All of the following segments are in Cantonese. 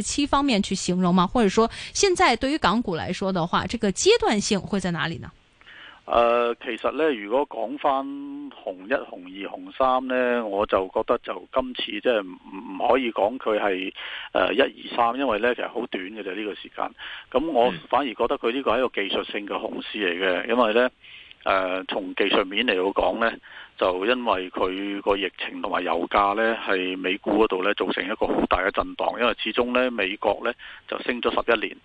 七方面去形容嘛，或者說現在對於港股來說的話，這個階段性會在哪裡呢？誒，其實咧，如果講翻紅一、紅二、紅三呢，我就覺得就今次即係唔唔可以講佢係誒一二三，呃、1, 2, 3, 因為呢，其實好短嘅就呢個時間。咁我反而覺得佢呢個係一個技術性嘅紅市嚟嘅，因為呢。誒、呃、從技術面嚟講呢就因為佢個疫情同埋油價呢，喺美股嗰度呢，造成一個好大嘅震盪，因為始終呢，美國呢就升咗十一年，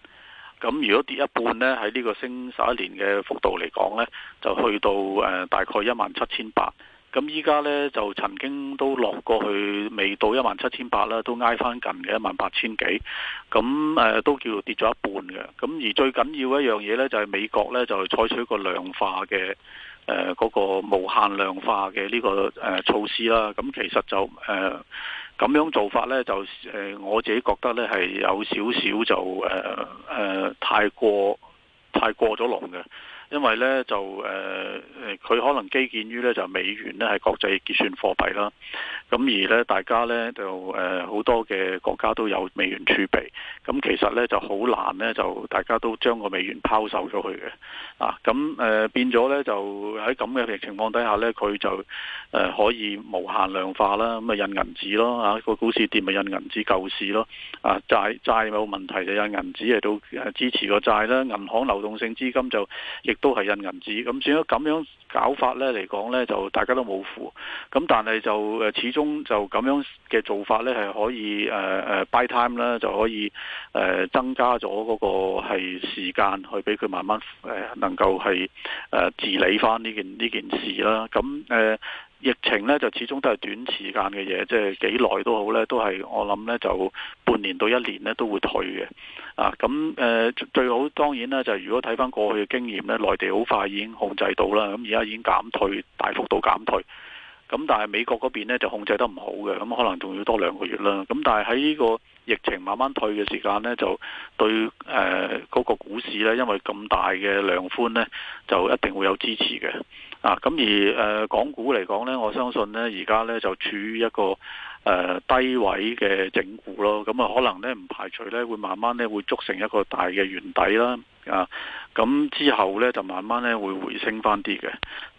咁如果跌一半呢，喺呢個升十一年嘅幅度嚟講呢就去到誒、呃、大概一萬七千八。咁依家呢，就曾經都落過去，未到一萬七千八啦，都挨翻近嘅一萬八千幾。咁誒都叫跌咗一半嘅。咁而最緊要一樣嘢呢，就係、是、美國呢，就採取一個量化嘅誒嗰個無限量化嘅呢、這個誒、呃、措施啦。咁其實就誒咁、呃、樣做法呢，就誒、呃、我自己覺得呢，係有少少就誒誒、呃呃、太過太過咗龍嘅。因為咧就誒誒，佢可能基建於咧就美元咧係國際結算貨幣啦，咁而咧大家咧就誒好多嘅國家都有美元儲備，咁其實咧就好難咧就大家都將個美元拋售咗佢嘅，啊咁誒變咗咧就喺咁嘅情況底下咧，佢就誒可以無限量化啦，咁啊印銀紙咯，嚇個股市跌咪印銀紙救市咯，啊債債務問題就印銀紙嚟到誒支持個債啦，銀行流動性資金就亦。都係印銀紙，咁至於咁樣搞法咧嚟講咧，就大家都冇符。咁但係就誒始終就咁樣嘅做法咧，係可以誒誒、呃、buy time 啦，就可以誒、呃、增加咗嗰個係時間去俾佢慢慢誒、呃、能夠係誒、呃、治理翻呢件呢件事啦，咁誒。呃疫情呢就始終都係短時間嘅嘢，即係幾耐都好都呢都係我諗呢就半年到一年呢都會退嘅。咁、啊、誒、呃、最好當然呢就如果睇返過去嘅經驗呢，內地好快已經控制到啦，咁而家已經減退，大幅度減退。咁但係美國嗰邊呢就控制得唔好嘅，咁可能仲要多兩個月啦。咁但係喺呢個疫情慢慢退嘅時間呢，就對誒嗰、呃個股市呢，因為咁大嘅量寬呢，就一定會有支持嘅啊！咁而誒、呃、港股嚟講呢，我相信呢而家呢，就處於一個。誒、呃、低位嘅整固咯，咁、嗯、啊可能咧唔排除咧會慢慢咧會築成一個大嘅圓底啦，啊，咁、嗯、之後咧就慢慢咧會回升翻啲嘅，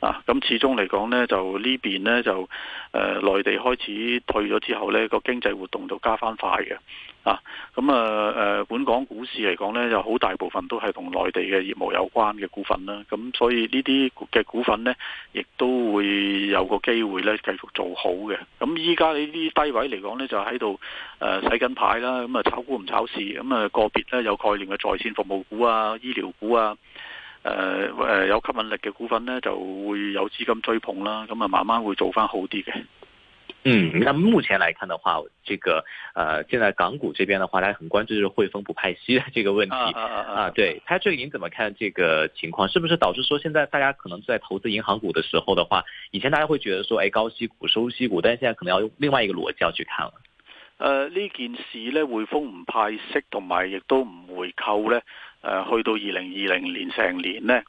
啊，咁始終嚟講咧就邊呢邊咧就誒內、呃、地開始退咗之後咧個經濟活動就加翻快嘅。啊，咁啊，誒、呃，本港股市嚟講呢，有好大部分都係同內地嘅業務有關嘅股份啦，咁、啊、所以呢啲嘅股份呢，亦都會有個機會呢，繼續做好嘅。咁依家呢啲低位嚟講呢，就喺度誒洗緊牌啦，咁啊炒股唔炒市，咁啊個別呢，有概念嘅在線服務股啊、醫療股啊、誒、啊、誒、啊、有吸引力嘅股份呢，就會有資金追捧啦，咁啊、啊慢慢會做翻好啲嘅。嗯，咁目前來看的話，這個，呃，現在港股這邊的話，大家很關注就是匯豐不派息這個問題。啊啊他啊，啊，啊，啊，對，佢最近怎麼看這個情況？是不是導致說，現在大家可能在投資銀行股的時候的話，以前大家會覺得說，誒、欸，高息股、收息股，但係現在可能要用另外一個邏輯去睇。誒、呃，呢件事咧，匯豐唔派息同埋亦都唔回購。呢去到二零二零年成年呢，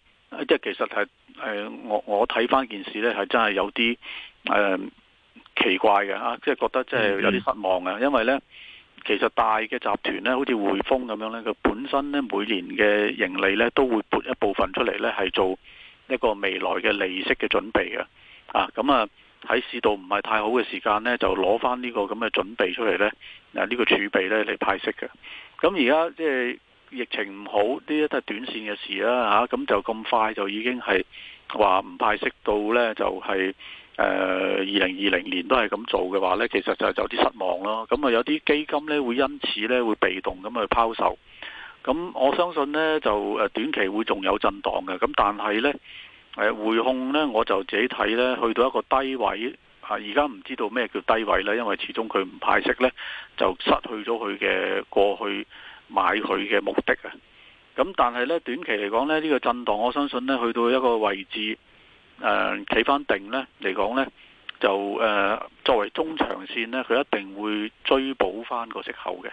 即係其實係，誒，我我睇翻件事呢，係、呃呃呃、真係有啲，誒、呃。嗯嗯奇怪嘅嚇、啊，即係覺得即係有啲失望啊！因為呢，其實大嘅集團呢，好似匯豐咁樣呢，佢本身呢，每年嘅盈利呢，都會撥一部分出嚟，呢係做一個未來嘅利息嘅準備嘅啊！咁啊喺市道唔係太好嘅時間呢，就攞翻呢個咁嘅準備出嚟呢，啊呢、呢個儲備呢嚟派息嘅。咁而家即係疫情唔好，呢啲都係短線嘅事啦、啊、嚇。咁、啊、就咁快就已經係話唔派息到呢，就係、是。誒，二零二零年都係咁做嘅話呢，其實就有啲失望咯。咁、嗯、啊，有啲基金呢，會因此呢會被動咁去拋售。咁、嗯、我相信呢，就誒短期會仲有震盪嘅。咁、嗯、但係呢，誒、呃、匯控呢，我就自己睇呢，去到一個低位啊。而家唔知道咩叫低位呢，因為始終佢唔派息呢，就失去咗佢嘅，過去買佢嘅目的啊。咁、嗯、但係呢，短期嚟講呢，呢、呢個震盪，我相信呢，去到一個位置。誒企翻定呢嚟講呢，就誒、呃、作為中長線呢，佢一定會追補翻個息口嘅。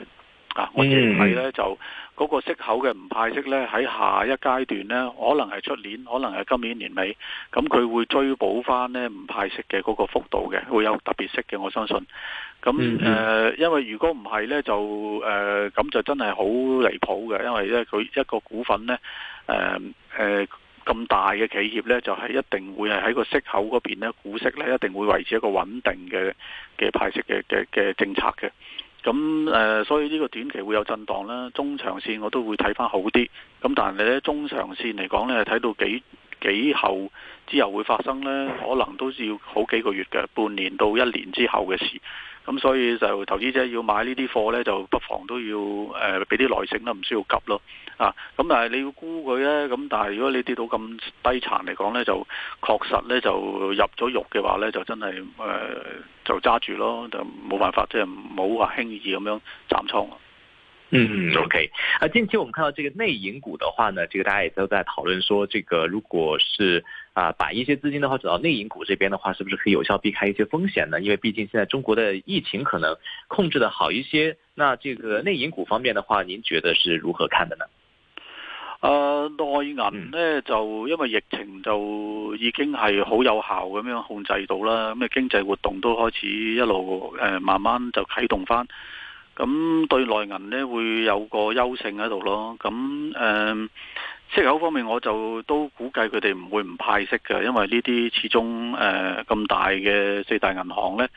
啊，我認為呢，就嗰、那個息口嘅唔派息呢，喺下一階段呢，可能係出年，可能係今年年尾，咁佢會追補翻呢唔派息嘅嗰個幅度嘅，會有特別息嘅，我相信。咁誒、呃，因為如果唔係呢，就誒咁、呃、就真係好離譜嘅，因為呢佢一個股份呢。誒、呃、誒。呃咁大嘅企業呢，就係、是、一定會係喺個息口嗰邊呢，股息呢，一定會維持一個穩定嘅嘅派息嘅嘅嘅政策嘅。咁誒、呃，所以呢個短期會有震盪啦，中長線我都會睇返好啲。咁但係呢，中長線嚟講呢，睇到幾。幾後之後會發生呢，可能都要好幾個月嘅，半年到一年之後嘅事。咁所以就投資者要買呢啲貨呢，就不妨都要誒俾啲耐性啦，唔需要急咯。咁、啊、但係你要估佢呢？咁但係如果你跌到咁低殘嚟講呢，就確實呢就入咗肉嘅話呢，就真係誒、呃、就揸住咯，就冇辦法即係冇話輕易咁樣斬倉。嗯 OK 啊，okay。近期我們看到這個內銀股的話呢，這個大家也都在討論說，這個如果是啊，把一些資金的話轉到內銀股這邊的話，是不是可以有效避開一些風險呢？因為畢竟現在中國的疫情可能控制得好一些，那這個內銀股方面的話，您覺得是如何看的呢？啊、呃，內銀呢就因為疫情就已經係好有效咁樣控制到啦，咁嘅經濟活動都開始一路誒慢慢就啟動翻。咁對內銀呢會有個優勝喺度咯。咁誒、呃、息口方面，我就都估計佢哋唔會唔派息嘅，因為呢啲始終誒咁、呃、大嘅四大銀行呢，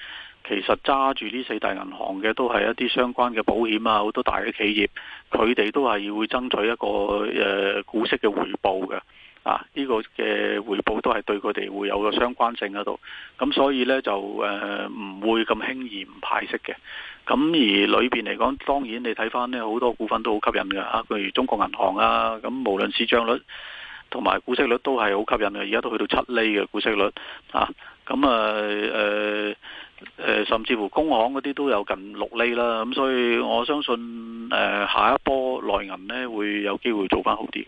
其實揸住呢四大銀行嘅都係一啲相關嘅保險啊，好多大嘅企業，佢哋都係要會爭取一個誒、呃、股息嘅回報嘅。啊！呢、這個嘅回報都係對佢哋會有個相關性喺度，咁所以呢就誒唔、呃、會咁輕易唔派息嘅。咁而裏邊嚟講，當然你睇翻呢好多股份都好吸引嘅啊，譬如中國銀行啊，咁無論市賬率同埋股息率都係好吸引嘅，而家都去到七厘嘅股息率啊。咁、嗯、啊誒、呃呃呃、甚至乎工行嗰啲都有近六厘啦。咁、啊、所以我相信、呃、下一波內銀呢會有機會做翻好啲嘅。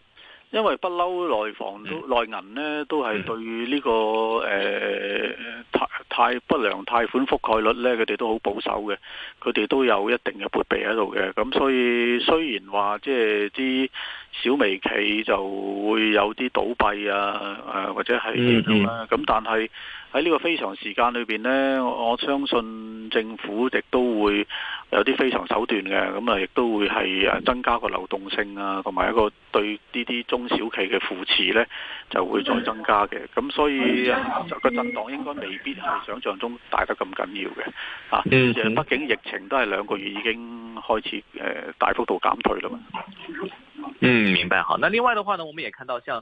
因為不嬲內房都內銀咧，都係對呢、這個誒貸貸不良貸款覆蓋率咧，佢哋都好保守嘅，佢哋都有一定嘅撥備喺度嘅。咁所以雖然話即係啲小微企就會有啲倒閉啊，誒或者係咁啦，咁、嗯嗯、但係。喺呢個非常時間裏邊呢，我相信政府亦都會有啲非常手段嘅，咁啊亦都會係誒增加個流動性啊，同埋一個對呢啲中小企嘅扶持呢，就會再增加嘅。咁所以個震盪應該未必係想像中大得咁緊要嘅。啊，嗯，畢竟疫情都係兩個月已經開始誒大幅度減退啦嘛。嗯，明白。好，那另外的話呢，我們也看到像。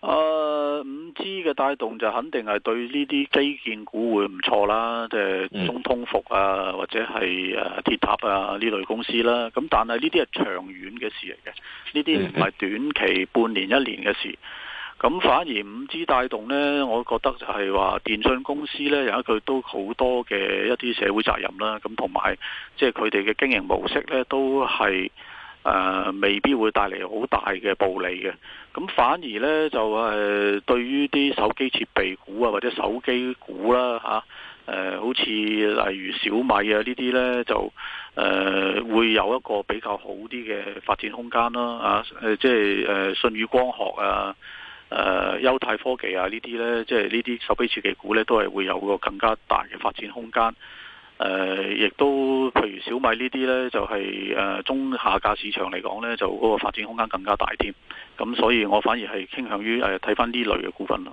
誒，五 G 嘅帶動就肯定係對呢啲基建股會唔錯啦，即係中通服啊，或者係誒鐵塔啊呢類公司啦。咁但係呢啲係長遠嘅事嚟嘅，呢啲唔係短期半年一年嘅事。咁反而五 G 帶動呢，我覺得就係話電信公司呢，有一佢都好多嘅一啲社會責任啦，咁同埋即係佢哋嘅經營模式呢，都係。誒、啊、未必會帶嚟好大嘅暴利嘅，咁、啊、反而呢，就係、呃、對於啲手機設備股啊，或者手機股啦、啊、嚇，誒、啊呃、好似例如小米啊呢啲呢，就誒、呃、會有一個比較好啲嘅發展空間啦啊。誒、啊、即係誒、呃、信譽光學啊、誒優泰科技啊呢啲呢，即係呢啲手機設備股呢，都係會有個更加大嘅發展空間。誒，亦、呃、都譬如小米呢啲呢，就係、是、誒、呃、中下價市場嚟講呢，就嗰個發展空間更加大添。咁所以，我反而係傾向於誒睇翻呢類嘅股份咯。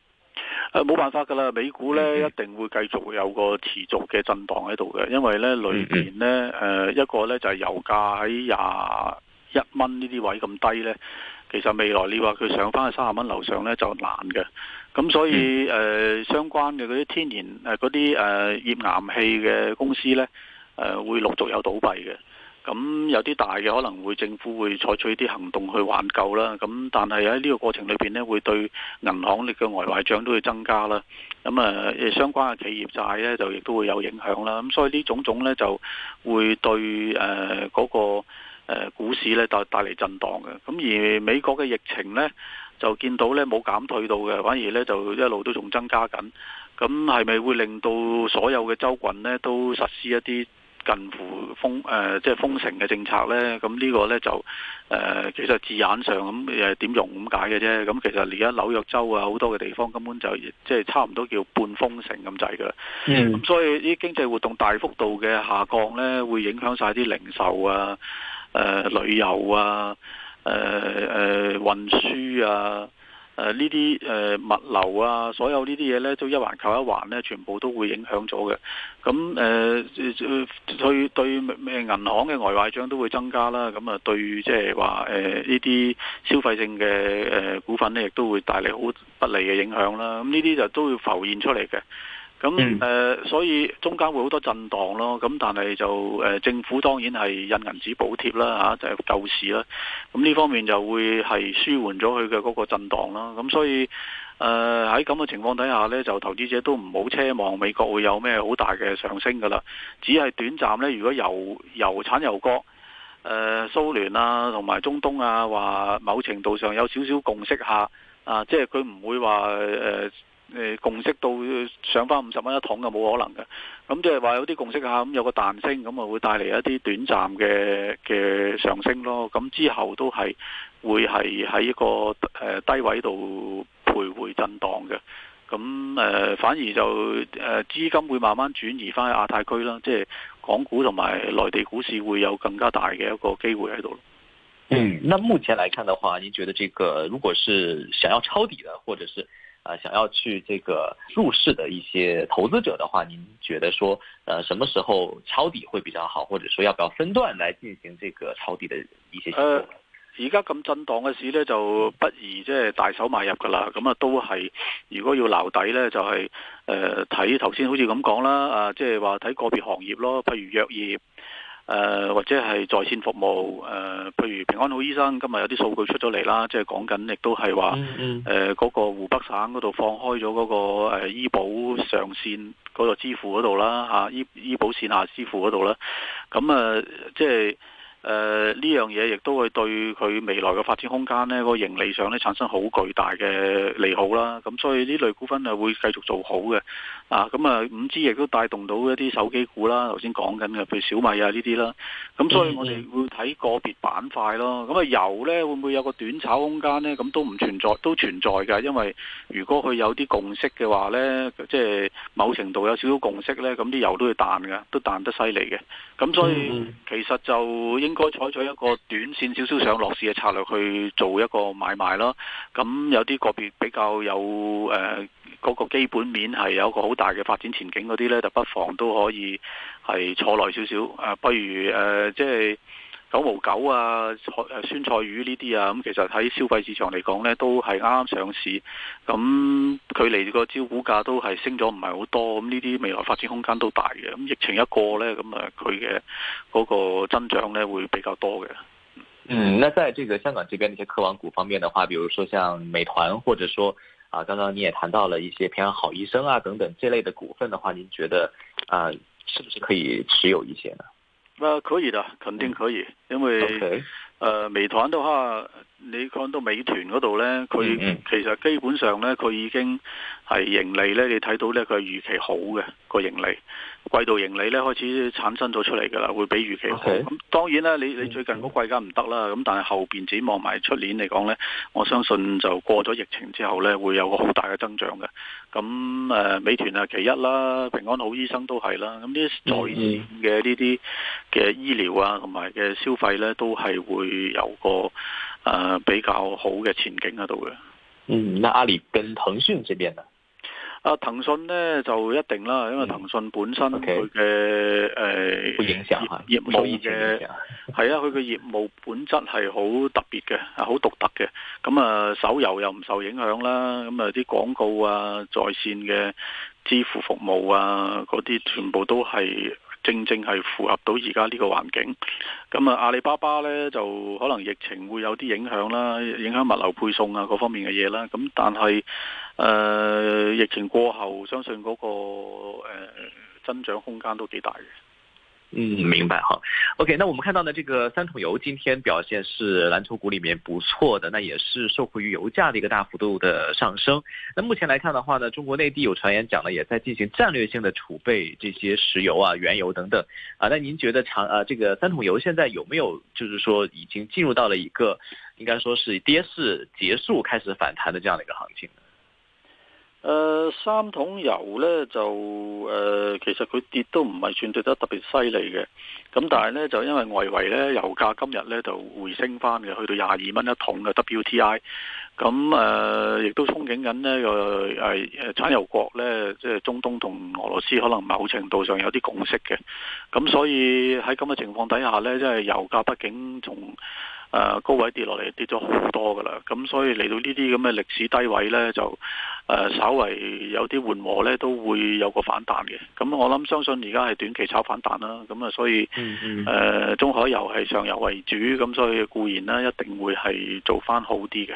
誒，冇辦法噶啦，美股呢，一定會繼續有個持續嘅震蕩喺度嘅，因為呢裏邊呢，誒、呃、一個呢就係、是、油價喺廿一蚊呢啲位咁低呢。其實未來你話佢上返去三十蚊樓上呢，就難嘅，咁所以誒、呃、相關嘅嗰啲天然嗰啲誒頁岩氣嘅公司呢，誒、呃、會陸續有倒閉嘅。咁有啲大嘅可能會政府會採取啲行動去挽救啦。咁但係喺呢個過程裏邊咧，會對銀行嘅外壞賬都會增加啦。咁啊，相關嘅企業債咧就亦都會有影響啦。咁所以呢種種咧就會對誒嗰個誒股市咧帶帶嚟震盪嘅。咁而美國嘅疫情咧就見到咧冇減退到嘅，反而咧就一路都仲增加緊。咁係咪會令到所有嘅州郡咧都實施一啲？近乎封誒、呃，即係封城嘅政策呢，咁、這、呢個呢，就誒、呃，其實字眼上咁誒點用咁解嘅啫。咁其實而家紐約州啊，好多嘅地方根本就即係差唔多叫半封城咁滯㗎。嗯，嗯，咁所以啲經濟活動大幅度嘅下降呢，會影響晒啲零售啊、誒、呃、旅遊啊、誒、呃、誒、呃、運輸啊。誒，呢啲誒物流啊，所有呢啲嘢咧，都一環扣一環咧，全部都會影響咗嘅。咁、嗯、誒、呃呃，對對咩銀行嘅外壞賬都會增加啦。咁啊，對即係話誒呢啲消費性嘅誒、呃、股份咧，亦都會帶嚟好不利嘅影響啦。咁呢啲就都會浮現出嚟嘅。咁誒、呃，所以中間會好多震盪咯。咁但係就誒、呃，政府當然係印銀紙補貼啦，嚇、啊、就係救市啦。咁、啊、呢方面就會係舒緩咗佢嘅嗰個震盪啦。咁、啊、所以誒喺咁嘅情況底下咧，就投資者都唔好奢望美國會有咩好大嘅上升噶啦。只係短暫咧。如果由由產油國誒蘇聯啊，同埋中東啊，話某程度上有少少共識下啊，即係佢唔會話誒。呃誒，共識到上翻五十蚊一桶就冇可能嘅。咁即係話有啲共識下，咁有個彈升，咁啊，會帶嚟一啲短暫嘅嘅上升咯，咁之後都係會係喺一個誒低位度徘徊震盪嘅。咁誒、呃、反而就誒、呃、資金會慢慢轉移翻去亞太區啦，即係港股同埋內地股市會有更加大嘅一個機會喺度。嗯，那目前嚟看的話，你覺得這個如果是想要抄底的，或者是？啊，想要去這個入市的一些投資者的話，您覺得說，呃，什麼時候抄底會比較好，或者說要不要分段來進行這個抄底的一些情況？而家咁震盪嘅市呢，就不宜即係大手買入㗎喇。咁、嗯、啊，嗯、都係如果要留底呢，就係誒睇頭先好似咁講啦，啊，即係話睇個別行業咯，譬如藥業。誒、呃、或者係在線服務，誒、呃、譬如平安好醫生今日有啲數據出咗嚟啦，即係講緊亦都係話誒嗰個湖北省嗰度放開咗嗰、嗰個誒、呃、醫保上線嗰個支付嗰度啦嚇，醫、啊、醫保線下支付嗰度啦，咁啊即係。就是誒，呢、uh, 樣嘢亦都會對佢未來嘅發展空間呢個盈利上呢產生好巨大嘅利好啦。咁所以呢類股份係會繼續做好嘅。啊，咁啊五 G 亦都帶動到一啲手機股啦。頭先講緊嘅，譬如小米啊呢啲啦。咁、啊、所以我哋會睇個別板塊咯。咁啊油呢會唔會有個短炒空間呢？咁、啊、都唔存在，都存在㗎。因為如果佢有啲共識嘅話呢，即係某程度有少少共識呢。咁、嗯、啲油都會彈嘅，都彈得犀利嘅。咁所以其實就應。應該採取一個短線少少上落市嘅策略去做一個買賣囉。咁有啲個別比較有誒嗰、呃、個基本面係有一個好大嘅發展前景嗰啲呢，就不妨都可以係坐耐少少。誒、呃，不如誒、呃，即係。九毛九啊，誒，酸菜魚呢啲啊，咁其實喺消費市場嚟講呢，都係啱啱上市，咁距離個招股價都係升咗唔係好多，咁呢啲未來發展空間都大嘅。咁疫情一過呢，咁啊佢嘅嗰個增長呢會比較多嘅。嗯，呢，在這香港呢邊的一些科網股方面的話，比如說像美團，或者說啊，剛剛你也談到了一些平安好醫生啊等等這類的股份的話，您覺得啊，是不是可以持有一些呢？啊、uh, 可以啦，肯定可以，因為誒，美團 Okay.、呃、的話，你看到美團嗰度咧，佢其實基本上咧，佢已經係盈利咧，你睇到咧，佢係預期好嘅個盈利。季度盈利咧開始產生咗出嚟噶啦，會比預期好。咁 Okay.、啊、當然啦，你你最近嗰季間唔得啦，咁但係後邊展望埋出年嚟講咧，我相信就過咗疫情之後咧，會有個好大嘅增長嘅。咁、啊、誒，美團啊，其一啦，平安好醫生都係啦。咁啲在綫嘅呢啲嘅醫療啊，同埋嘅消費咧，都係會有個誒、呃、比較好嘅前景喺度嘅。嗯，那阿里跟騰訊這邊呢？啊，騰訊呢就一定啦，因為騰訊本身佢嘅誒業務嘅係啊，佢嘅業務本質係好特別嘅，啊好獨特嘅。咁啊，手遊又唔受影響啦，咁啊啲廣告啊，在線嘅支付服務啊，嗰啲全部都係正正係符合到而家呢個環境。咁啊，阿里巴巴呢，就可能疫情會有啲影響啦，影響物流配送啊，各方面嘅嘢啦。咁但係，呃，疫情過後，相信嗰、那個呃增長空間都幾大嘅。嗯，明白哈。OK，那我們看到呢，這個三桶油今天表現是藍籌股裏面不錯的，那也是受惠於油價的一個大幅度的上升。那目前來看的話呢，中國內地有傳言講呢，也在進行戰略性的儲備這些石油啊、原油等等。啊，那您覺得長呃、啊，這個三桶油現在有沒有就是說已經進入到了一個應該說是跌勢結束開始反彈的這樣的一個行情？誒、呃，三桶油呢，就誒、呃，其實佢跌都唔係算跌得特別犀利嘅，咁但係呢，就因為外圍呢，油價今日呢就回升翻嘅，去到廿二蚊一桶嘅 WTI，咁誒亦、呃、都憧憬緊呢，個誒產油國呢，即係中東同俄羅斯可能某程度上有啲共識嘅，咁所以喺咁嘅情況底下呢，即係油價畢竟從誒、呃、高位跌落嚟跌咗好多噶啦，咁所以嚟到呢啲咁嘅歷史低位呢，就誒、呃、稍為有啲緩和咧，都會有個反彈嘅。咁、嗯、我諗相信而家係短期炒反彈啦。咁、嗯、啊，所以誒、呃、中海油係上游為主，咁、嗯、所以固然啦，一定會係做翻好啲嘅。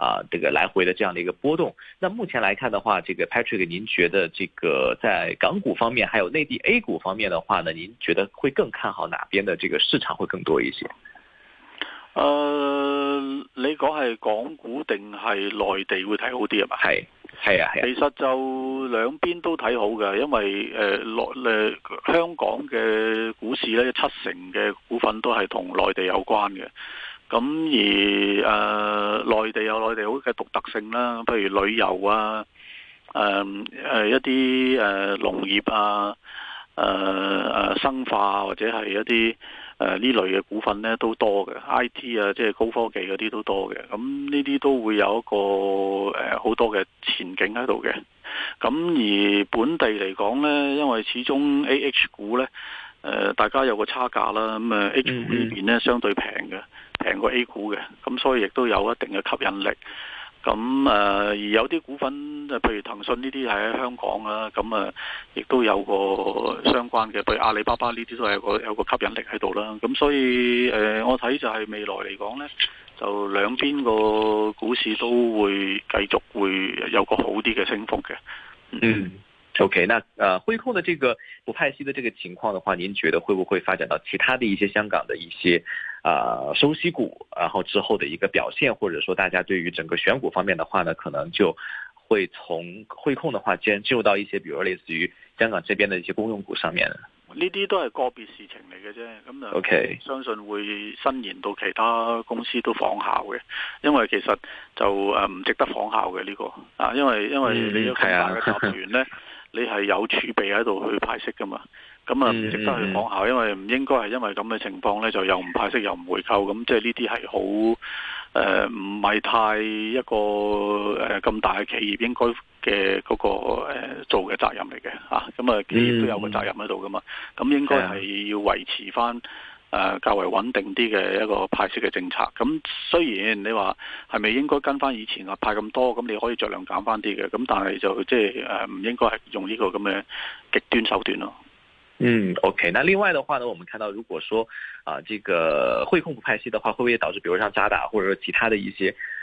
啊，這個來回的這樣的一個波動，那目前來看的話，這個 Patrick，您覺得這個在港股方面，還有內地 A 股方面的話呢，您覺得會更看好哪邊的這個市場會更多一些？呃，你講係港股定係內地會睇好啲啊？嘛，係係啊係啊，其實就兩邊都睇好㗎，因為誒，落、呃、誒、呃、香港嘅股市咧，七成嘅股份都係同內地有關嘅。咁而誒、呃、內地有內地好嘅獨特性啦，譬如旅遊啊，誒、呃、誒、呃、一啲誒、呃、農業啊，誒、呃、誒生化或者係一啲誒呢類嘅股份咧都多嘅，IT 啊即係高科技嗰啲都多嘅，咁呢啲都會有一個誒好、呃、多嘅前景喺度嘅。咁、嗯、而本地嚟講咧，因為始終 AH 股咧。誒、呃，大家有個差價啦，咁、嗯、誒、嗯，H 股呢邊咧相對平嘅，平過 A 股嘅，咁、嗯、所以亦都有一定嘅吸引力。咁、嗯、誒、呃，而有啲股份，譬如騰訊呢啲係喺香港啊，咁、嗯、啊，亦都有個相關嘅，譬如阿里巴巴呢啲都係有個有個吸引力喺度啦。咁、嗯、所以誒、呃，我睇就係未來嚟講呢，就兩邊個股市都會繼續會有個好啲嘅升幅嘅。嗯。嗯。OK，那呃匯控的這個不派息的這個情況的話，您覺得會不會發展到其他的一些香港的一些啊呃、收息股，然後之後的一個表現，或者說大家對於整個選股方面的話呢，可能就會從匯控的話，既然進入到一些，比如說類似於香港這邊的一些公用股上面。呢啲都係個別事情嚟嘅啫，咁啊 O K，相信會伸延到其他公司都仿效嘅，因為其實就誒唔值得仿效嘅呢個，啊因為因為你有咁大嘅集團咧。你係有儲備喺度去派息噶嘛？咁啊唔值得去講下，因為唔應該係因為咁嘅情況呢，就又唔派息又唔回購，咁即係呢啲係好誒，唔、呃、係太一個誒咁、呃、大嘅企業應該嘅嗰、嗰個、呃、做嘅責任嚟嘅嚇。咁啊，啊，企業都有個責任喺度噶嘛，咁應該係要維持翻。誒、啊、較為穩定啲嘅一個派息嘅政策，咁雖然你話係咪應該跟翻以前啊派咁多，咁你可以酌量減翻啲嘅，咁但係就即係誒唔應該係用呢個咁嘅極端手段咯、啊。嗯，OK，那另外嘅話呢，我們看到，如果說啊，這個匯控不派息嘅話，會唔會導致，比如像渣打或者其他的一些？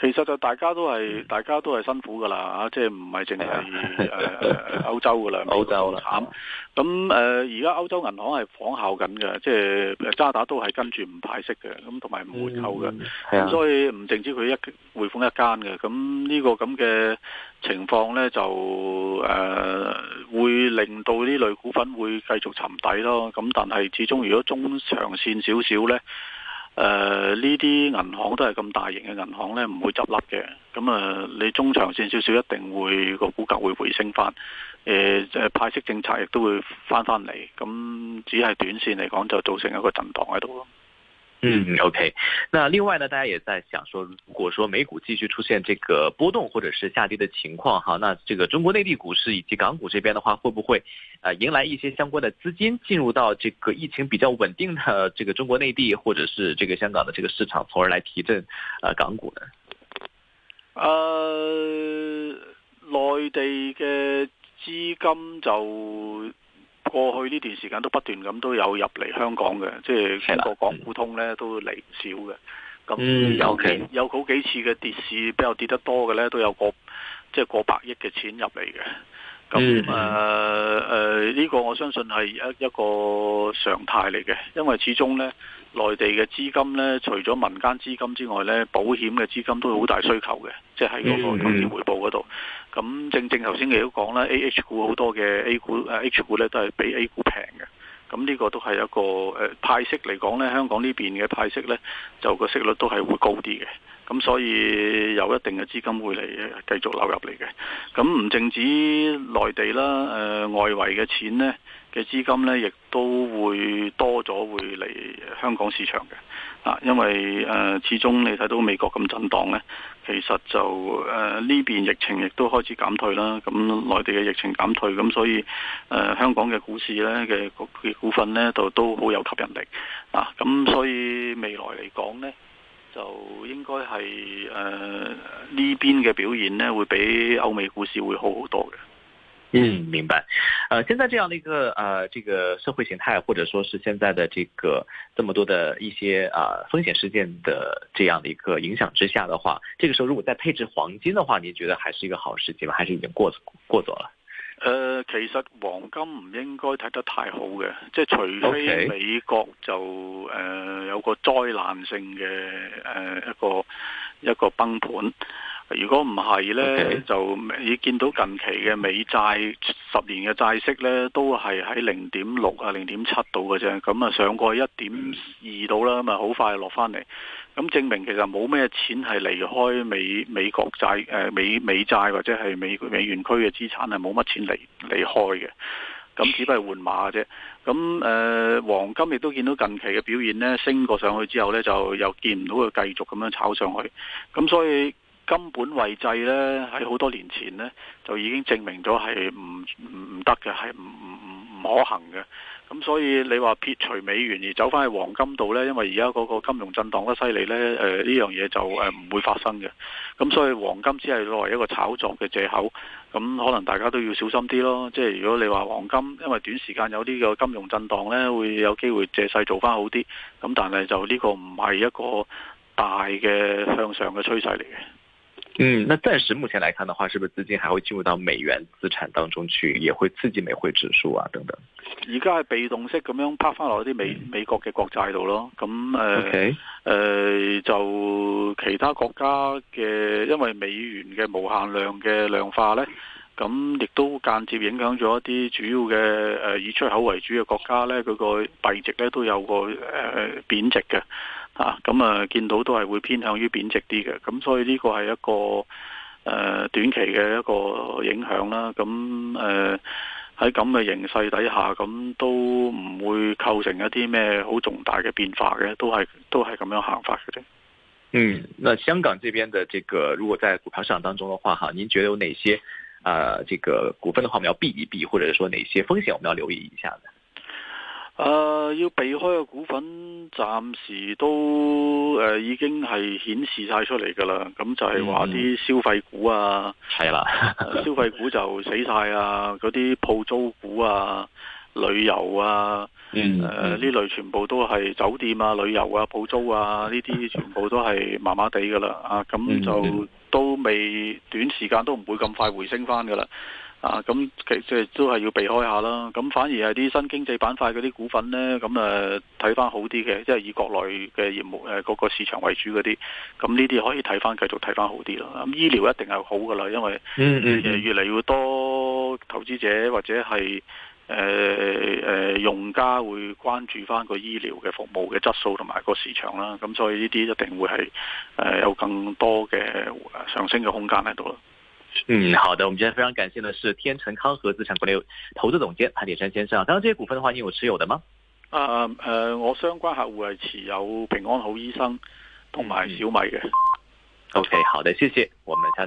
其實就大家都係大家都係辛苦噶啦嚇，即係唔係淨係誒歐洲噶啦，歐洲啦，慘。咁誒而家歐洲銀行係仿效緊嘅，即係渣打都係跟住唔派息嘅，咁同埋唔回購嘅。咁、嗯啊嗯、所以唔淨止佢一匯豐一間嘅，咁、嗯、呢、這個咁嘅情況呢，就誒、呃、會令到呢類股份會繼續沉底咯。咁、嗯、但係始終如果中長線少少呢。誒，呢啲、呃、銀行都係咁大型嘅銀行呢，唔會執笠嘅。咁啊、呃，你中長線少少一定會個股價會回升翻。誒、呃，誒派息政策亦都會翻翻嚟。咁只係短線嚟講，就造成一個震盪喺度咯。嗯，OK。那另外呢，大家也在想說，如果說美股繼續出現這個波動或者是下跌的情況，哈，那這個中國內地股市以及港股這邊的話，會不會，啊、呃，迎來一些相關的資金進入到這個疫情比較穩定的這個中國內地或者是這個香港的這個市場，從而來提振，啊、呃，港股呢？呃，內地的資金就。過去呢段時間都不斷咁都有入嚟香港嘅，即係透過港股通咧都嚟唔少嘅。咁、嗯、有有好幾次嘅跌市，比較跌得多嘅咧，都有過即係過百億嘅錢入嚟嘅。咁誒誒，呢、嗯呃呃呢個我相信係一一個常態嚟嘅，因為始終咧內地嘅資金咧，除咗民間資金之外咧，保險嘅資金都好大需求嘅，即係喺嗰個投資回報嗰度。嗯嗯咁正正頭先你都講啦、AH 股，A 股 H 股好多嘅 A 股誒 H 股咧，都係比 A 股平嘅。咁呢個都係一個誒、呃、派息嚟講咧，香港呢邊嘅派息咧，就個息率都係會高啲嘅。咁所以有一定嘅資金會嚟繼續流入嚟嘅，咁唔淨止內地啦，誒、呃、外圍嘅錢咧嘅資金咧，亦都會多咗會嚟香港市場嘅，啊，因為誒、呃、始終你睇到美國咁震盪咧，其實就誒呢邊疫情亦都開始減退啦，咁內地嘅疫情減退，咁所以誒、呃、香港嘅股市咧嘅股份咧，就都好有吸引力，啊，咁所以未來嚟講咧。就應該係呃呢邊嘅表現呢，會比歐美股市會好好多嘅。嗯，明白。呃，現在這樣的一個呃這個社會形態或者說是現在的這個這麼多的一些啊、呃、風險事件的這樣的一個影響之下的話，這個時候如果再配置黃金的話，您覺得還是一個好時機嗎？還是已經過過走了？誒、呃，其實黃金唔應該睇得太好嘅，即係除非 Okay. 美國就誒、呃、有個災難性嘅誒、呃、一個一個崩盤，如果唔係呢，Okay. 就你見到近期嘅美債十年嘅債息呢，都係喺零點六啊零點七度嘅啫，咁啊上過一點二度啦，咁啊好快落翻嚟。咁證明其實冇咩錢係離開美美國債誒、呃、美美債或者係美美元區嘅資產係冇乜錢離離開嘅，咁只不過係換馬啫。咁誒、呃、黃金亦都見到近期嘅表現呢，升過上去之後呢，就又見唔到佢繼續咁樣炒上去。咁所以金本位制呢，喺好多年前呢，就已經證明咗係唔唔得嘅，係唔。唔可行嘅，咁所以你話撇除美元而走翻去黃金度咧，因為而家嗰個金融震盪得犀利咧，誒呢樣嘢，就誒唔會發生嘅。咁所以黃金只係作為一個炒作嘅借口，咁可能大家都要小心啲咯。即係如果你話黃金，因為短時間有呢個金融震盪咧，會有機會借勢做翻好啲，咁但係就呢個唔係一個大嘅向上嘅趨勢嚟嘅。嗯，那暫時目前來看的話，是不是資金還會進入到美元資產當中去，也會刺激美匯指數啊等等？而家係被動式咁樣泊翻落啲美、嗯、美國嘅國債度咯，咁誒誒就其他國家嘅，因為美元嘅無限量嘅量化咧，咁亦都間接影響咗一啲主要嘅誒、呃、以出口為主嘅國家咧，佢個幣值咧都有個誒貶值嘅。啊，咁啊，見到都係會偏向於貶值啲嘅，咁、啊、所以呢個係一個誒、呃、短期嘅一個影響啦。咁誒喺咁嘅形勢底下，咁、啊、都唔會構成一啲咩好重大嘅變化嘅，都係都係咁樣行法嘅啫。嗯，那香港這邊嘅這個如果在股票市場當中嘅話，哈，您覺得有哪些啊、呃，這個股份的話，我們要避一避，或者說哪些風險我們要留意一下呢？誒、呃，要避開嘅股份，暫時都誒、呃、已經係顯示晒出嚟噶啦。咁就係話啲消費股啊，係啦、嗯呃，消費股就死晒啊，嗰啲鋪租股啊、旅遊啊、誒、呃、呢、嗯嗯、類全部都係酒店啊、旅遊啊、鋪租啊呢啲，全部都係麻麻地噶啦。啊，咁就都未短時間都唔會咁快回升返噶啦。啊，咁其即係都係要避開下啦。咁反而係啲新經濟板塊嗰啲股份呢，咁誒睇翻好啲嘅，即係以國內嘅業務誒嗰個市場為主嗰啲。咁呢啲可以睇翻繼續睇翻好啲咯。咁醫療一定係好噶啦，因為誒越嚟越多投資者或者係誒誒用家會關注翻個醫療嘅服務嘅質素同埋個市場啦。咁所以呢啲一定會係誒、呃、有更多嘅上升嘅空間喺度咯。嗯，好的，我們今天非常感謝的是天成康和資產管理投資總監潘鐵珊先生。當然，這些股份的話，你有持有的嗎？啊，誒，我相關客戶係持有平安好醫生同埋小米嘅。OK，好的，謝謝，我們下。